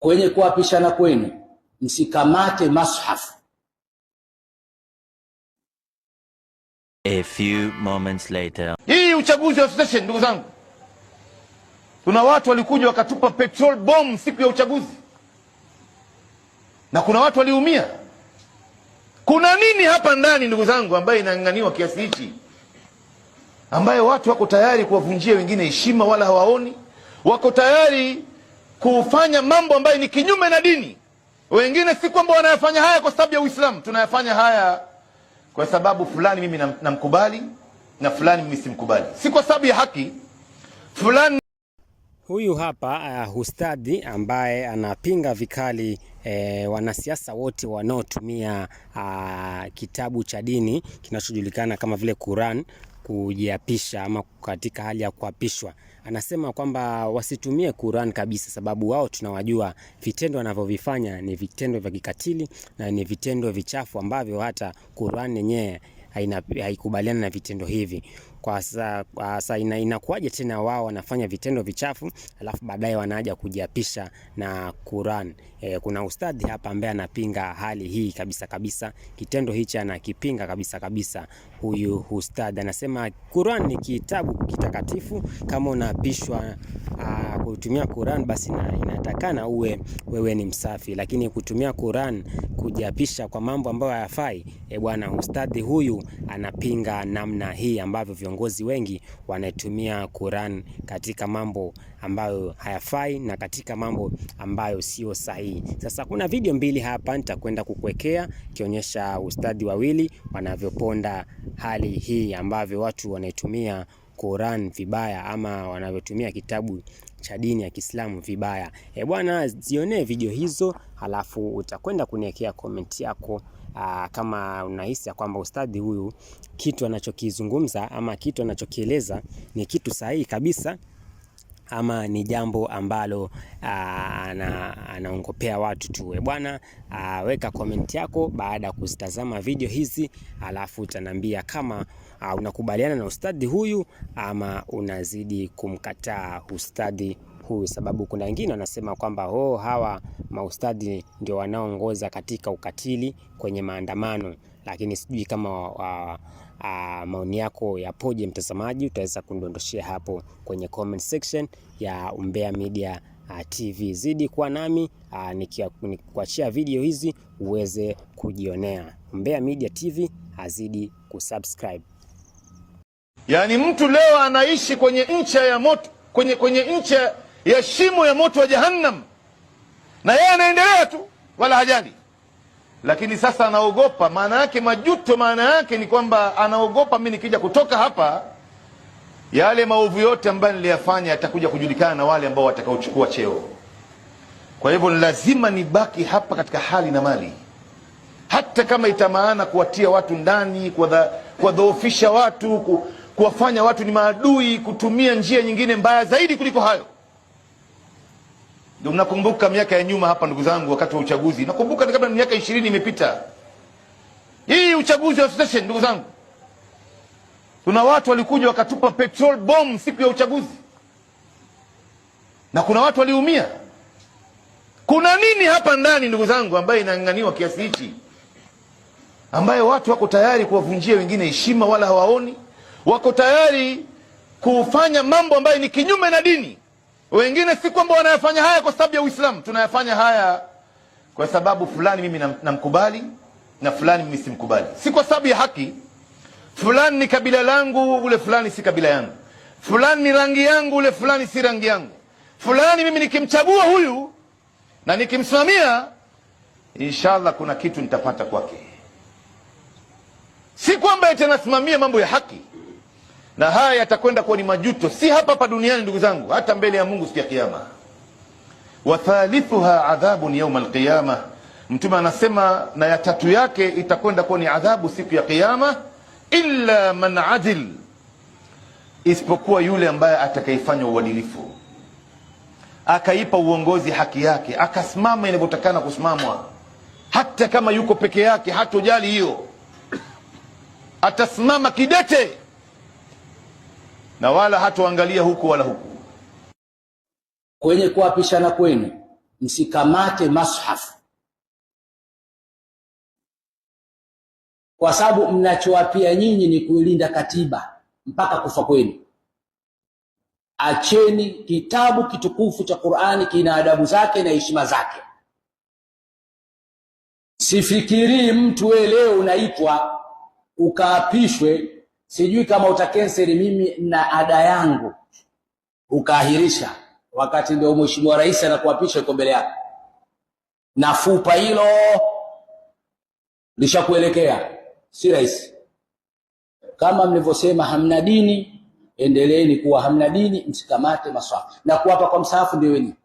kwenye kuapishana kwenu msikamate mashaf. A few moments later. Hii uchaguzi wa station, ndugu zangu, kuna watu walikuja wakatupa petrol bomb siku ya uchaguzi na kuna watu waliumia. Kuna nini hapa ndani, ndugu zangu, ambayo inang'ang'aniwa kiasi hichi, ambayo watu wako tayari kuwavunjia wengine heshima wala hawaoni, wako tayari kufanya mambo ambayo ni kinyume na dini. Wengine si kwamba wanayafanya haya kwa sababu ya Uislamu, tunayafanya haya kwa sababu fulani mimi namkubali na fulani mimi simkubali, si kwa sababu ya haki fulani. Huyu hapa uh, Ustadhi ambaye anapinga vikali E, wanasiasa wote wanaotumia uh, kitabu cha dini kinachojulikana kama vile Quran kujiapisha ama katika hali ya kuapishwa, anasema kwamba wasitumie Qur'an kabisa, sababu wao tunawajua, vitendo wanavyovifanya ni vitendo vya kikatili na ni vitendo vichafu ambavyo hata Qur'an yenyewe haikubaliana na vitendo hivi kwa sasa ina, inakuwaje tena wao wanafanya vitendo vichafu alafu baadaye wanaja kujiapisha na Quran. E, kuna ustadhi hapa ambaye anapinga hali hii kabisa kabisa, kitendo hichi anakipinga kabisa kabisa. Huyu ustadhi anasema Quran ni kitabu kitakatifu, kama unaapishwa kutumia Quran basi na inatakana uwe wewe ni msafi, lakini kutumia Quran kujiapisha kwa mambo ambayo hayafai, e, bwana ustadhi huyu anapinga namna hii ambavyo viongozi wengi wanatumia Qur'an katika mambo ambayo hayafai na katika mambo ambayo sio sahihi. Sasa kuna video mbili hapa nitakwenda kukuwekea kionyesha ustadhi wawili wanavyoponda hali hii ambavyo watu wanaitumia Qur'an vibaya ama wanavyotumia kitabu cha dini ya Kiislamu vibaya. Eh bwana, zionee video hizo halafu utakwenda kuniwekea komenti yako aa, ah, kama unahisi ya kwamba ustadhi huyu kitu anachokizungumza ama kitu anachokieleza ni kitu sahihi kabisa ama ni jambo ambalo ah, anaongopea watu tu. E bwana, ah, weka komenti yako baada ya kuzitazama video hizi, alafu utaniambia kama aa, unakubaliana na ustadhi huyu ama unazidi kumkataa ustadhi huu, sababu kuna wengine wanasema kwamba oh, hawa maustadhi ndio wanaoongoza katika ukatili kwenye maandamano, lakini sijui kama uh, uh, maoni yako yapoje, mtazamaji? Utaweza kundondoshea hapo kwenye comment section ya Umbea Media TV. Zidi kuwa nami nikuachia video hizi uweze kujionea. Umbea Media TV azidi kusubscribe. Yaani mtu leo anaishi kwenye ncha ya moto, kwenye kwenye ncha ya shimo ya moto wa Jahannam, na yeye anaendelea tu, wala hajali. Lakini sasa anaogopa, maana yake majuto, maana yake ni kwamba anaogopa, mimi nikija kutoka hapa, yale maovu yote ambayo niliyafanya yatakuja kujulikana na wale ambao watakaochukua cheo. Kwa hivyo lazima nibaki hapa katika hali na mali, hata kama itamaana kuwatia watu ndani, kuwadhoofisha watu, kuwafanya watu ni maadui, kutumia njia nyingine mbaya zaidi kuliko hayo. Ndio mnakumbuka miaka ya nyuma hapa, ndugu zangu, wakati wa uchaguzi, nakumbuka ni kama miaka ishirini imepita hii uchaguzi wa station. Ndugu zangu, kuna watu walikuja wakatupa petrol bomb siku ya uchaguzi na kuna watu waliumia. Kuna nini hapa ndani, ndugu zangu, ambaye inang'aniwa kiasi hichi, ambaye watu wako tayari kuwavunjia wengine heshima wala hawaoni, wako tayari kufanya mambo ambayo ni kinyume na dini. Wengine si kwamba wanayafanya haya kwa sababu ya Uislamu, tunayafanya haya kwa sababu fulani mimi namkubali na fulani mimi simkubali, si kwa sababu ya haki. Fulani ni kabila langu, ule fulani si kabila yangu. Fulani ni rangi yangu, ule fulani si rangi yangu. Fulani mimi nikimchagua huyu na nikimsimamia, inshallah kuna kitu nitapata kwake, si kwamba eti nasimamia mambo ya haki na haya yatakwenda kuwa ni majuto, si hapa hapa duniani ndugu zangu, hata mbele ya Mungu siku ya Kiyama. Wa thalithuha adhabun yauma alqiyama, Mtume anasema na ya tatu yake itakwenda kuwa ni adhabu siku ya Kiyama, illa man adil, isipokuwa yule ambaye atakayefanya uadilifu akaipa uongozi haki yake, akasimama inavyotakana kusimamwa, hata kama yuko peke yake, hatojali hiyo, atasimama kidete na wala hatuangalia huku wala huku. Kwenye kuapishana kwenu, msikamate mashafu, kwa sababu mnachoapia nyinyi ni kuilinda katiba mpaka kufa kwenu. Acheni kitabu kitukufu cha Qur'ani, kina adabu zake na heshima zake. Sifikirii mtu wewe leo unaitwa ukaapishwe sijui kama utakenseli mimi na ada yangu ukaahirisha, wakati ndio mheshimiwa rais anakuapisha uko mbele yako, nafupa hilo lishakuelekea, si rahisi. Kama mlivyosema, hamna dini, endeleeni kuwa hamna dini, msikamate maswala na kuapa kwa msaafu ndio wenyewe